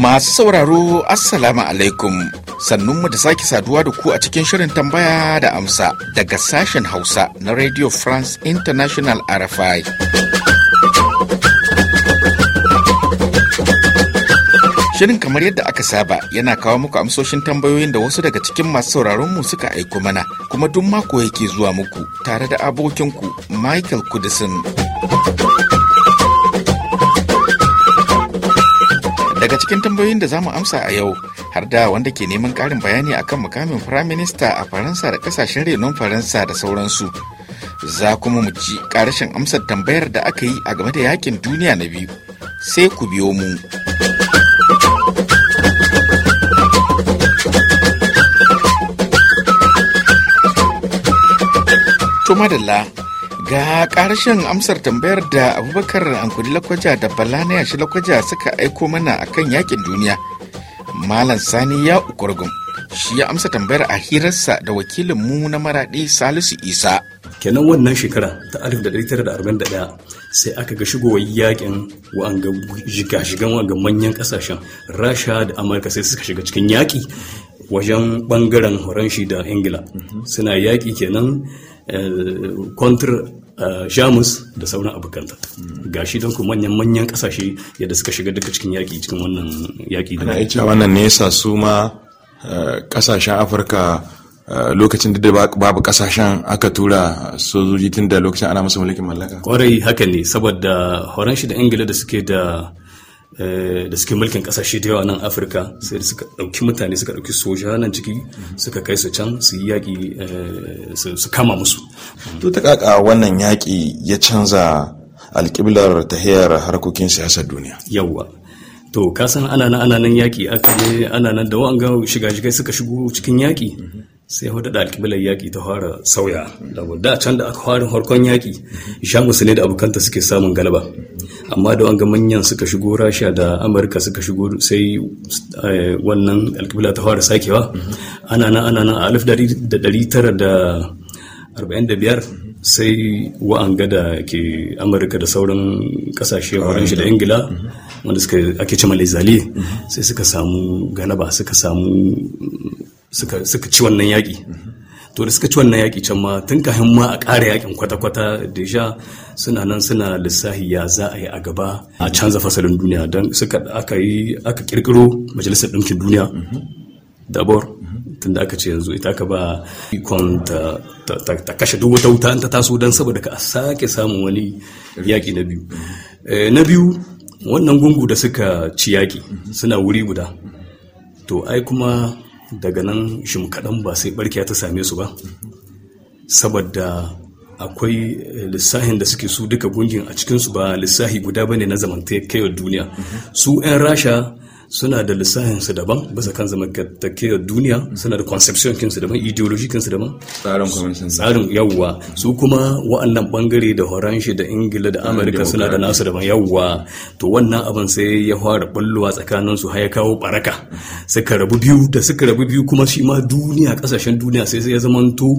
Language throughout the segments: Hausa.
Masu sauraro Assalamu alaikum sannunmu da sake saduwa da ku a cikin shirin tambaya da amsa daga sashen Hausa na Radio France International RFI. Shirin kamar yadda aka saba yana kawo muku amsoshin tambayoyin da wasu daga cikin masu sauraron mu suka aiko mana kuma duk mako yake zuwa muku tare da abokinku Michael Kudisin. Daga cikin tambayoyin da za mu amsa a yau har da wanda ke neman ƙarin bayani akan mukamin firaminista a Faransa da kasashen renon Faransa da sauransu. Za kuma mu ci ƙarashin amsar tambayar da aka yi a game da yakin duniya na biyu. Sai ku biyo mu. To madalla ga karshen amsar tambayar da abubakar ankuri lakwaja da balana yashi lakwaja suka aiko mana akan yakin duniya. Malam Sani ya ukurgum shi ya amsa tambayar a hirarsa da wakilin mu na maraɗi Salisu Isa. Kenan wannan shekara ta 1941 sai aka ga shigowar yakin wa'anga shigan wa'anga manyan kasashen Rasha da Amurka sai suka shiga cikin yaƙi wajen ɓangaren Horanshi da Ingila. Mhm. Suna yaki kenan kontra eh, eh, jamus da sauran abokanta ga shi don ku manyan manyan kasashe yadda suka shiga duka cikin yaƙi cikin wannan yaƙi da ya ce wannan nesa su ma kasashen eh, afirka lokacin da babu kasashen aka tura sojoji tun da lokacin ana musu mulkin mallaka kwarai haka ne saboda horon shi da ingila da suke da Eh, da suke mulkin kasashe da yawa nan afirka sai da suka ɗauki mutane suka ɗauki soja nan ciki suka kai su can su yi yaƙi eh, su kama musu to ta kaka wannan yaƙi ya canza alƙiblar hiyar harkokin siyasar duniya yawwa to san ana nan ana nan yaƙi aka ne ana nan da wa'anga shiga-shigai suka shigo cikin yaƙi sai hudu da alƙiblar yaƙi ta fara sauya da can da aka fara harkon yaƙi jamus ne da abokanta suke samun galaba amma da wanga manyan suka shigo rasha da amurka suka shigo sai eh, wannan alkibla ta fara sakewa ana nan ana nan a alif da tara da arba'in da biyar sai wa'anga da ke amurka da sauran kasashe shi da ingila wanda suka ake cima lezali sai suka samu ganaba suka samu suka ci wannan yaƙi to da suka ci wannan yaƙi can ma tun kafin ma a ƙara yaƙin kwata-kwata deja suna nan suna lissahi ya za a yi a gaba a canza fasalin duniya don suka aka yi aka ƙirƙiro majalisar ɗinkin duniya mm-hmm. dabor mm-hmm. da aka ce yanzu ita ka ba ikon ta kashe duk wata wuta ta taso don saboda ka sake samun wani yaƙi na biyu mm-hmm. eh, na biyu wannan gungu da suka ci yaƙi suna wuri guda to ai kuma daga nan shim shimkaɗan ba sai barkiya ta same su ba saboda akwai lissahin da suke su duka gungin a cikinsu ba lissahi guda ba ne na zamantakewar duniya su 'yan rasha suna da lissahinsu daban bisa kan zamantakewar duniya suna da conception kinsu daban ideology kinsu daban tsarin yawwa su kuma wa'annan bangare da horanshi da ingila da amurka suna da nasu daban yawwa to wannan abin sai ya fara ballowa tsakanin su haya kawo baraka suka rabu biyu da suka rabu biyu kuma shi ma duniya kasashen duniya sai sai ya zamanto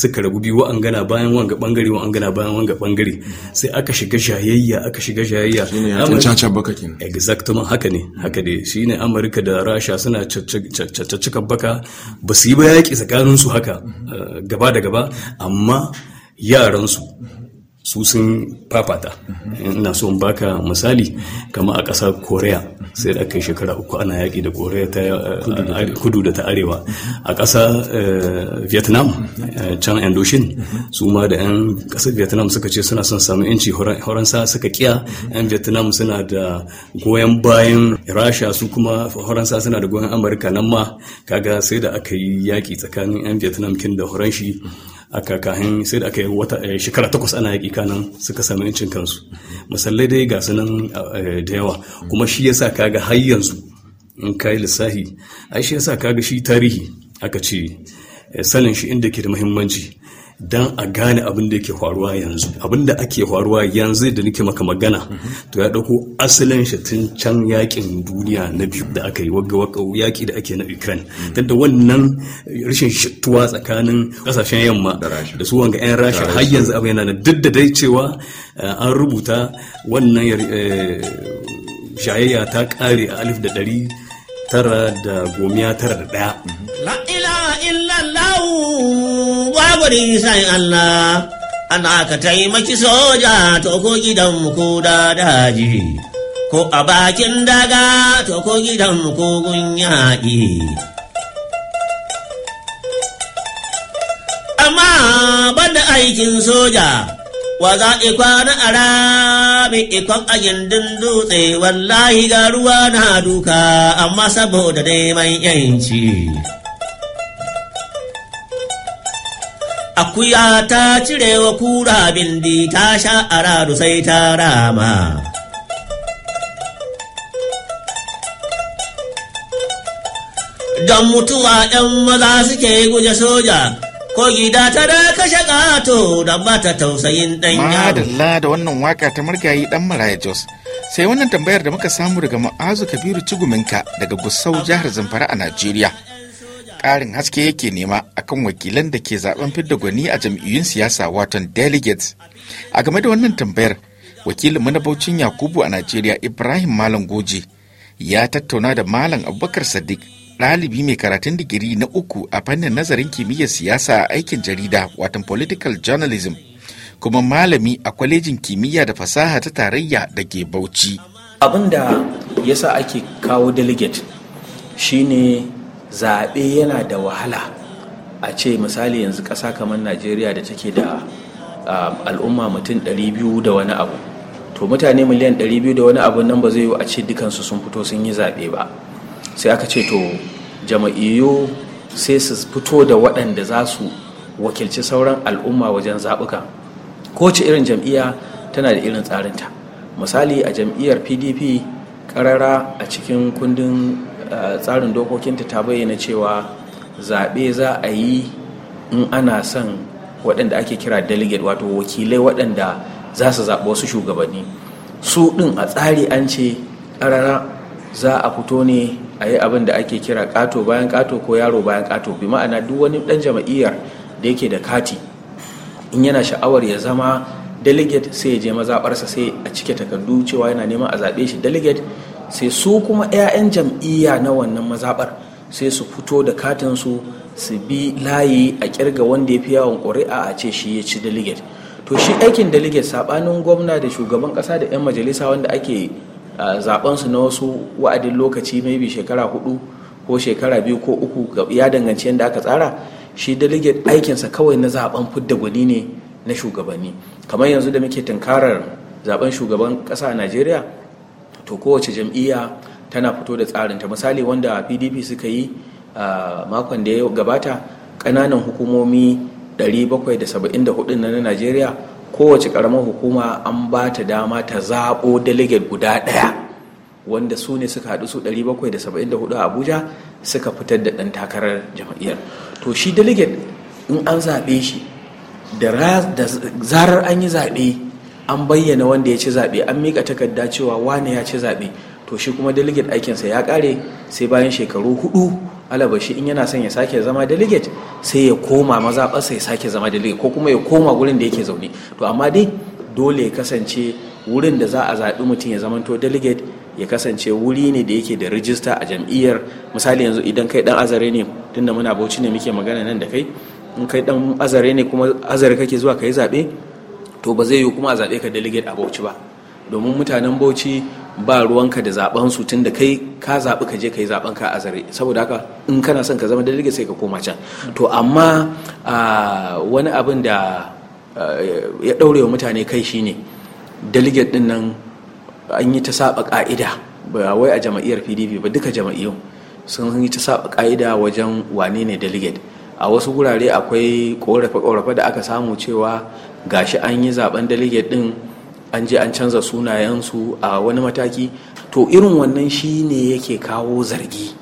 suka rabu biyu wa'an gana bayan wanga bangare wa'an gana bayan wanga bangare sai aka shiga shayayya aka shiga shayayya shine ya caca baka kin. exactly haka ne haka ne shi ne amurka da rasha suna cika baka ba su yi ba yaƙi tsakaninsu haka eh, gaba da gaba amma yaransu su sun fafata ina so baka misali kama a ƙasar korea sai da kai shekara uku ana yaƙi da korea ta eh, kudu da ta arewa a ƙasa eh, vietnam eh, can andoshin su ma da 'yan ƙasar vietnam suka ce suna son samun 'yanci horonsa suka kiya 'yan vietnam suna da goyon bayan rasha su kuma horonsa suna da goyon amurka nan ma kaga sai da aka yi yaƙi tsakanin 'yan vietnam kin da horon shi a kakahin sai da aka yi wata eh, shekara takwas ana yaƙi kanan suka sami yancin kansu masallai dai ga sunan eh, da yawa kuma shi yasa kaga har yanzu in ka yi lissahi ai shi yasa kaga shi tarihi aka ce eh, sanin shi inda ke da muhimmanci don a gane abin da yake faruwa yanzu abin da ake faruwa yanzu da nake maka magana to ya dauko asalin shi tun can yakin duniya na biyu da aka yi wagga waka yaki da ake na Ukraine da wannan rashin shittuwa tsakanin kasashen yamma da su wanga yan Rasha har yanzu abin yana duk da dai cewa eh, an rubuta wannan eh, shayayya ta kare a alif da ɗari tara da gomiya tara da ɗaya. La ilaha illallahu babu risan Allah ana ka taimaki soja to ko gidan ko da daji ko a bakin daga to ko gidan ko gun yaƙi. Amma banda aikin soja wa za na a rami ikon a dutse wallahi ga ruwa na duka amma saboda neman yanci. Akuya ta cirewa kura bindi ta sha a radu sai ta rama. Don mutuwa ‘yan maza suke guje soja’ ko gida ta da kashe gato da ba ta tausayin ɗan yaro. Madalla da wannan waka ta murgayi ɗan Maraya Jos. Sai wannan tambayar da muka samu daga Ma'azu Kabiru Ciguminka daga Gusau jihar Zamfara a Najeriya. Ƙarin haske yake nema akan wakilan da ke zaben fidda gwani a jam'iyyun siyasa watan delegates. A game da wannan tambayar, wakilin mu na manabaucin Yakubu a Najeriya Ibrahim Malam Goji ya tattauna da Malam Abubakar Sadiq ɗalibi mai karatun digiri na uku a fannin nazarin kimiyyar siyasa a aikin jarida watan political journalism kuma malami a kwalejin kimiyya da fasaha ta tarayya da ke bauchi abin da ya sa ake kawo delegate shine zaɓe yana da wahala a ce misali yanzu ƙasa kamar najeriya da take da ah, al'umma mutum 200 da wani abu to mutane miliyan 200 da wani abu nan ba zai yi a ce dukansu sun fito sun yi zaɓe ba sai aka ce to jama'iyyu sai su fito da waɗanda za su wakilci sauran al'umma wajen zaɓuka kowace irin jam'iyya tana da irin tsarinta misali a jam'iyyar pdp ƙarara a cikin kundin eh, tsarin dokokinta ta bayyana cewa zaɓe za a yi in ana son waɗanda ake kira delegate wato wakilai waɗanda za su zaɓi wasu shugabanni su ɗin a tsari an ce ƙarara za a fito ne a yi abin da ake kira kato bayan kato ko yaro bayan kato bi ma'ana duk wani dan jama'iyyar da yake da kati in yana sha'awar ya zama delegate sai ya je mazaɓarsa sai a cike takardu cewa yana neman a zaɓe shi delegate sai su kuma 'ya'yan jam'iyya na wannan mazaɓar sai su fito da katinsu su bi layi a kirga wanda ya fi yawon ƙuri'a a ce shi ya ci delegate to shi aikin delegate saɓanin gwamna da shugaban ƙasa da 'yan majalisa wanda ake zabansu na wasu wa'adin lokaci maybe shekara hudu ko shekara biyu ko uku ya danganci yadda aka tsara shi delegate aikinsa kawai na zaben fudda gwani ne na shugabanni kamar yanzu da muke tunkarar zaben shugaban ƙasa a najeriya to kowace jam'iyya tana fito da tsarinta misali wanda pdp suka yi makon da ya gabata ƙananan hukumomi 774 na najeriya kowace karamar hukuma an ba ta dama ta zaɓo delegate guda ɗaya wanda su ne suka haɗu su 774 a abuja suka fitar da ɗan takarar jam'iyyar to shi delegate in an zaɓe shi da zarar an yi zaɓe an bayyana wanda ya ci zaɓe an miƙa takarda cewa wane ya ci zaɓe to shi kuma delegate aikinsa ya kare sai bayan shekaru hudu alabashi in yana son ya sake zama delegate sai ya koma mazaɓarsa ya sake zama delegate ko kuma ya koma wurin da yake zaune to amma dai dole ya kasance wurin da za a zaɓi mutum ya zamanto delegate ya kasance wuri ne da yake da rijista a jam'iyyar misali yanzu idan kai dan azare ne tunda muna bauchi ne muke magana nan da kai in kai dan azare ne kuma azare kake zuwa ka yi zaɓe to ba zai yiwu kuma a zaɓe ka delegate a bauchi ba domin mutanen bauchi ba ruwanka da zaben su tun da kai ka zaɓi ka je ka yi zaben ka a zare saboda haka in kana son ka zama dalige sai ka koma can to amma wani abin da ya ɗaure wa mutane kai shine dalige ɗin nan an yi ta saba ƙa'ida ba wai a jama'iyyar pdp ba duka jama'iyyun sun yi ta saba ƙa'ida wajen wane ne a wasu wurare akwai ƙorafe-ƙorafe da aka samu cewa gashi an yi zaben daliget ɗin an je an canza sunayensu a wani mataki to irin wannan shi ne yake kawo zargi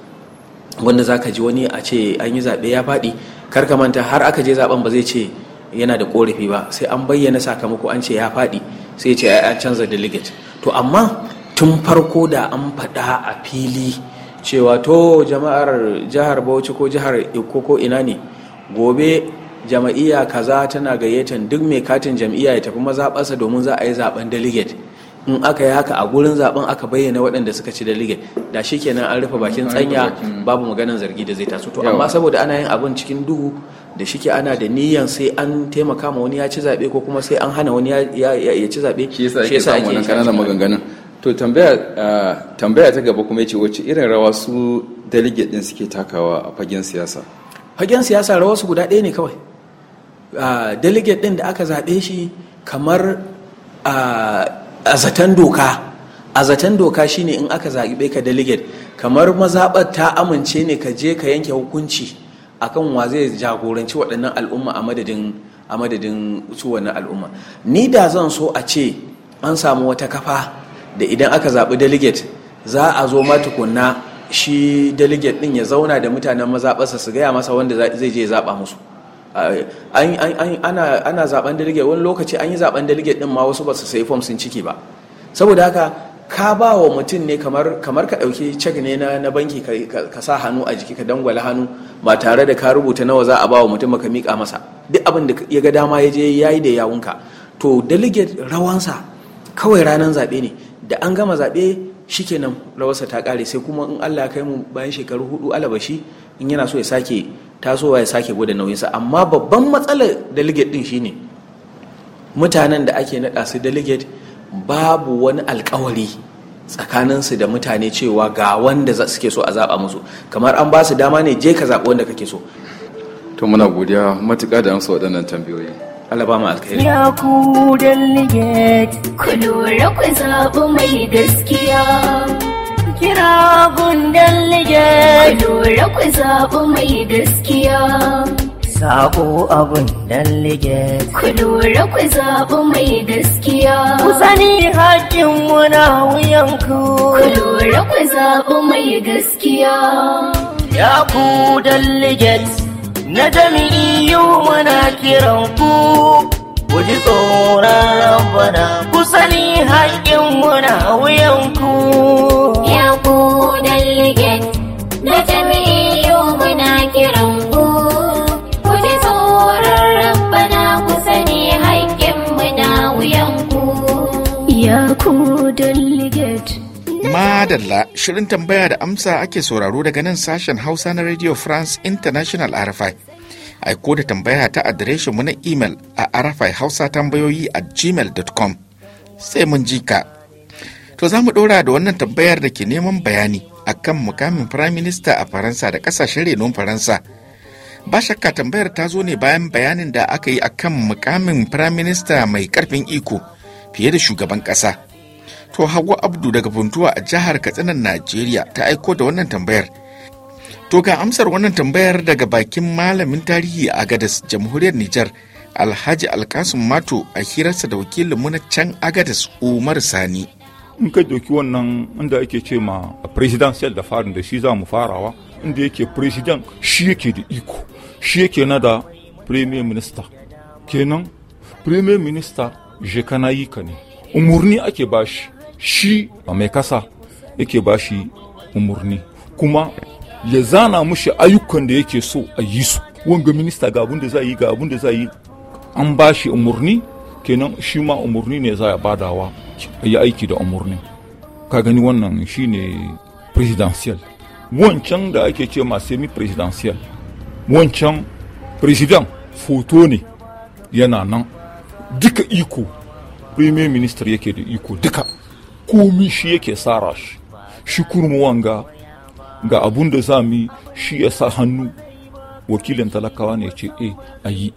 wanda za ka ji wani a ce an yi zaɓe ya faɗi kar ka manta har aka je zaɓen ba zai ce yana da ƙorafi ba sai an bayyana sakamako an ce ya faɗi sai ce ya canza delegate to amma tun farko da an faɗa a fili cewa to jama'ar jihar bauchi ko jihar ko ina ne gobe jama'iyya kaza tana gayyatan duk mai katin jam'iyya ya tafi mazaɓarsa domin za a yi zaben delegate in aka yi haka a gurin zaben aka bayyana waɗanda suka ci delegate da shi an rufe bakin tsanya babu maganar zargi da zai taso to amma saboda ana yin abin cikin duhu da shike ana da niyan sai an taimaka ma wani ya ci zaɓe ko kuma sai an hana wani ya ci zaɓe shi yasa ake yin kananan maganganun to ah, tambaya ta gaba kuma yace wacce irin rawa su delegate din suke takawa a fagen siyasa fagen siyasa rawa su guda ɗaya ne kawai delegate ɗin da aka zaɓe shi kamar a zaton doka a zaton doka shine in aka zaɓe ka delegate kamar mazaɓar ta amince ne ka je ka yanke hukunci akan wa zai jagoranci waɗannan al'umma a madadin a su wannan al'umma ni da zan so a ce an samu wata kafa da idan aka zaɓi delegate za a zo ma tukunna shi delegate ɗin ya zauna da mutanen mazaɓarsa su gaya masa wanda zai je ya zaɓa musu ana zaben dalige wani lokaci an yi zaben dalige din ma wasu ba su sai form sun ciki ba saboda haka ka ba wa mutum ne kamar ka ɗauki cek ne na banki ka sa hannu a jiki ka dangwala hannu ba tare da ka rubuta nawa za a ba wa mutum ka mika masa duk abin da ya ga dama ya je ya yi da yawunka to delegate rawansa kawai ranar zaɓe ne da an gama zaɓe shikenan rawarsa ta ƙare sai kuma in allah ya kai mu bayan shekaru hudu alabashi in yana so ya sake tasowa ya sake gwada nauyinsa amma babban matsalar delegate din shine mutanen da ake naɗa su delegate babu wani alkawari tsakaninsu da mutane cewa ga wanda suke so a zaɓa musu kamar an ba su dama ne je ka zaɓi wanda kake so to muna godiya matuƙa da amsa waɗannan tambayoyi alabama alkhairi ya ku delegate ku lura ku zaɓi mai gaskiya kira gundan lige dole ku zaɓi mai gaskiya Sabo abun dan lige. Ku lura ku zaɓi mai gaskiya. Ku sani haƙƙin muna wuyanku. Ku lura ku zaɓi mai gaskiya. Ya ku dan lige. Na jami'iyu muna kiran ku. Ku ji tsoron bana. Ku sani haƙƙin muna wuyanku. Madalla shirin tambaya da amsa ake sauraro daga nan sashen Hausa na Radio France International RFI. Aiko da tambaya ta mu na imel a RFI Hausa tambayoyi a gmail.com. Sai mun ji ka. To za mu ɗora da wannan tambayar da ke neman bayani a kan mukamin firaminista a Faransa da ƙasashen renon Faransa. ba shakka tambayar ta zo ne bayan bayanin da aka yi a kan mukamin firaminista mai karfin iko fiye da shugaban ƙasa. To Hagu Abdu daga Funtuwa a jihar Katsinan Najeriya ta aiko da wannan tambayar. To ga amsar wannan tambayar daga bakin malamin tarihi a Gadas Jamhuriyar Nijar Alhaji Alkasun Mato a hirarsa da wakilin mu na can Agadas Umar Sani. In ka doki wannan inda ake ce ma presidential da farin da shi za mu farawa inda yake president shi yake da iko shi yake na da premier minister kenan premier minister je kana yi ka ne umurni ake bashi shi a mai kasa yake ba shi umarni kuma ya zana mushi ayyukan da yake so a yi su wanga minista ga abin da za yi ga abin da za yi an ba shi umarni kenan shi ma umarni ne za a badawa a yi aiki da umarni ka gani wannan shi ne presidential wancan da ake ce ma semi presidential wancan president foto ne yana nan duka iko premier minister yake da iko duka komi shi yake tsara shi shi kurmuwan ga ga abun da za mu shi ya sa hannu wakilin talakawa ne ce e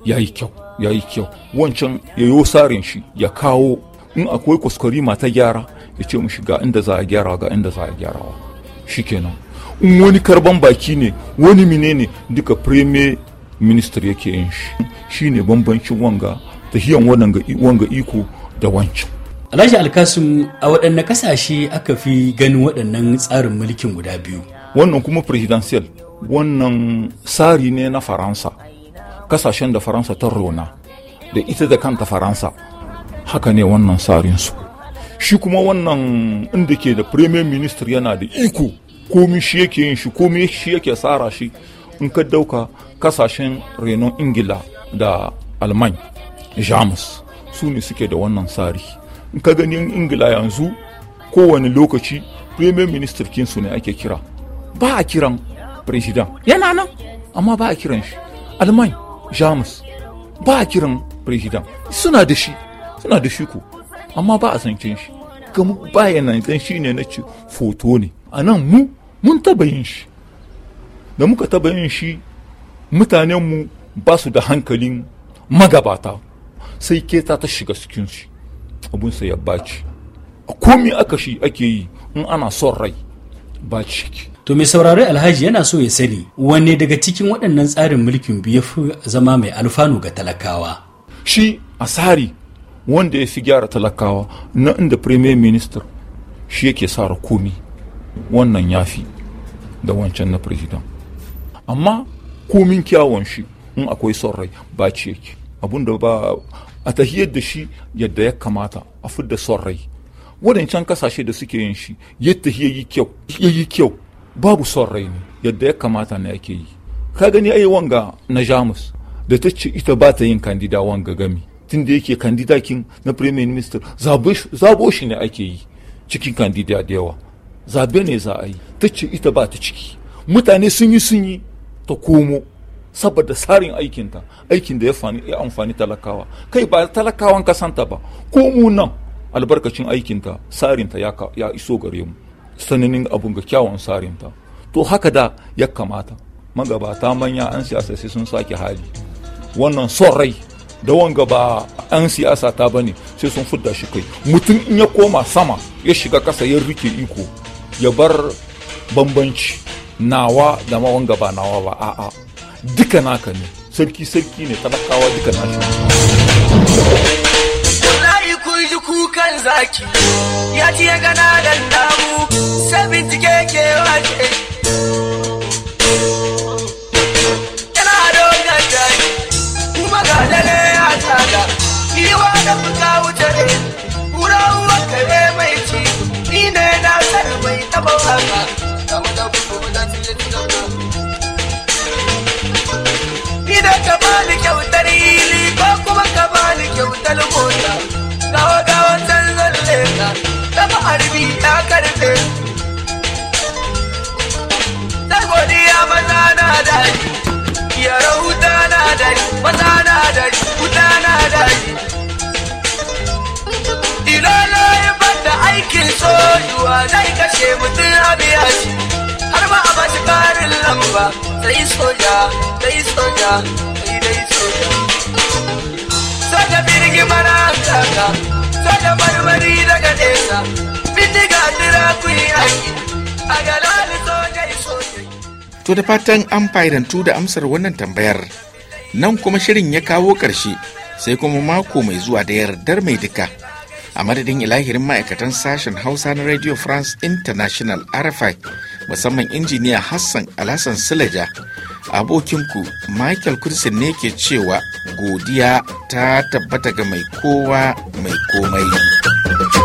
ya yi kyau ya yi kyau wancan ya yo sarin shi ya kawo in akwai kuskure mata gyara ya ce mu shiga inda za a gyara ga inda za a gyarawa kenan in wani karban baki ne wani mine ne duka premier minister yake yin shi shi ne bambancin wanga hiyan wanga iko da wancan Alhaji Alkasum a waɗanne ƙasashe aka fi ganin waɗannan tsarin mulkin guda biyu. Wannan kuma presidential wannan tsari ne na Faransa, ƙasashen da Faransa ta rona da ita da kanta Faransa haka ne wannan su Shi kuma wannan inda ke da Premier Minister yana da iko komi shi yake yin shi komi shi yake tsara shi in ka dauka kasashen renon Ingila da Alman, Jamus su ne suke da wannan tsari. ka gani ingila yanzu kowane lokaci premier minister kinsu ne ake kira ba a kiran president yana nan amma ba a kiran shi alman jamus ba a kiran president suna da shi suna da shi ko amma ba a zancen shi kuma ba ya nan shi ne na ce foto ne a nan mu mun taba yin shi da muka taba yin shi mutanenmu ba su da hankalin magabata sai keta ta shiga cikin shi abunsa ya baci komi aka shi ake yi in ana son rai baci To mai saurari alhaji yana so ya sani wanne daga cikin waɗannan tsarin mulkin biyu ya fi zama mai alfanu ga talakawa. Shi a tsari wanda ya fi gyara talakawa na inda Premier Minister shi yake sara komi wannan ya fi da wancan na president. Amma komin kyawun shi in akwai son rai ba yake abun da ba a tahiyar da shi yadda ya kamata a fidda son rai wadancan kasashe da suke yin shi yadda ya yi kyau babu son rai ne yadda ya kamata na yake yi ka gani ai wanga na jamus da ta ce ita ba ta yin kandida wanga gami tun da yake kandida kin na premier minister zabo shi ne ake yi cikin kandida da yawa zabe ne za a yi ta ce ita ba ta ciki mutane sun yi sun yi ta komo saboda tsarin aikinta aikin da ya amfani talakawa kai ba talakawan kasanta ba ko mu nan albarkacin aikinta tsarinta ya iso gare mu sananin abun ga kyawun tsarinta to haka da ya kamata magabata manya an siyasa sai sun sake hali wannan son rai da wanga ba an siyasa ta bane sai sun fudda shi kai mutum in ya koma sama ya shiga kasa ya rike iko ya bar bambanci nawa da ma wanga ba nawa ba a'a duka naka ne sarki sarki ne talakawa duka naka zaki ya ci ya gana da damu sai bincike ke yiwa da fuka wuce ne mai ci ne na taba da da maza na dari yara huta na dari maza na dari huta na dari ilolo ya bata aikin sojuwa zai kashe mutum abiya shi har ma a bashi karin lamba sai soja sai soja sai dai soja soja birgi mara taka soja marmari daga nesa bindiga tira kuyi aiki a galali soja soja To da fatan an fahimtu da amsar wannan tambayar. Nan kuma shirin ya kawo ƙarshe sai kuma mako mai zuwa da yardar mai duka. A madadin ilahirin ma'aikatan sashen Hausa na Radio France International RFI musamman injiniya Hassan Alhassan Silaja abokinku Michael Kursin ne ke cewa godiya ta tabbata ga mai kowa mai komai.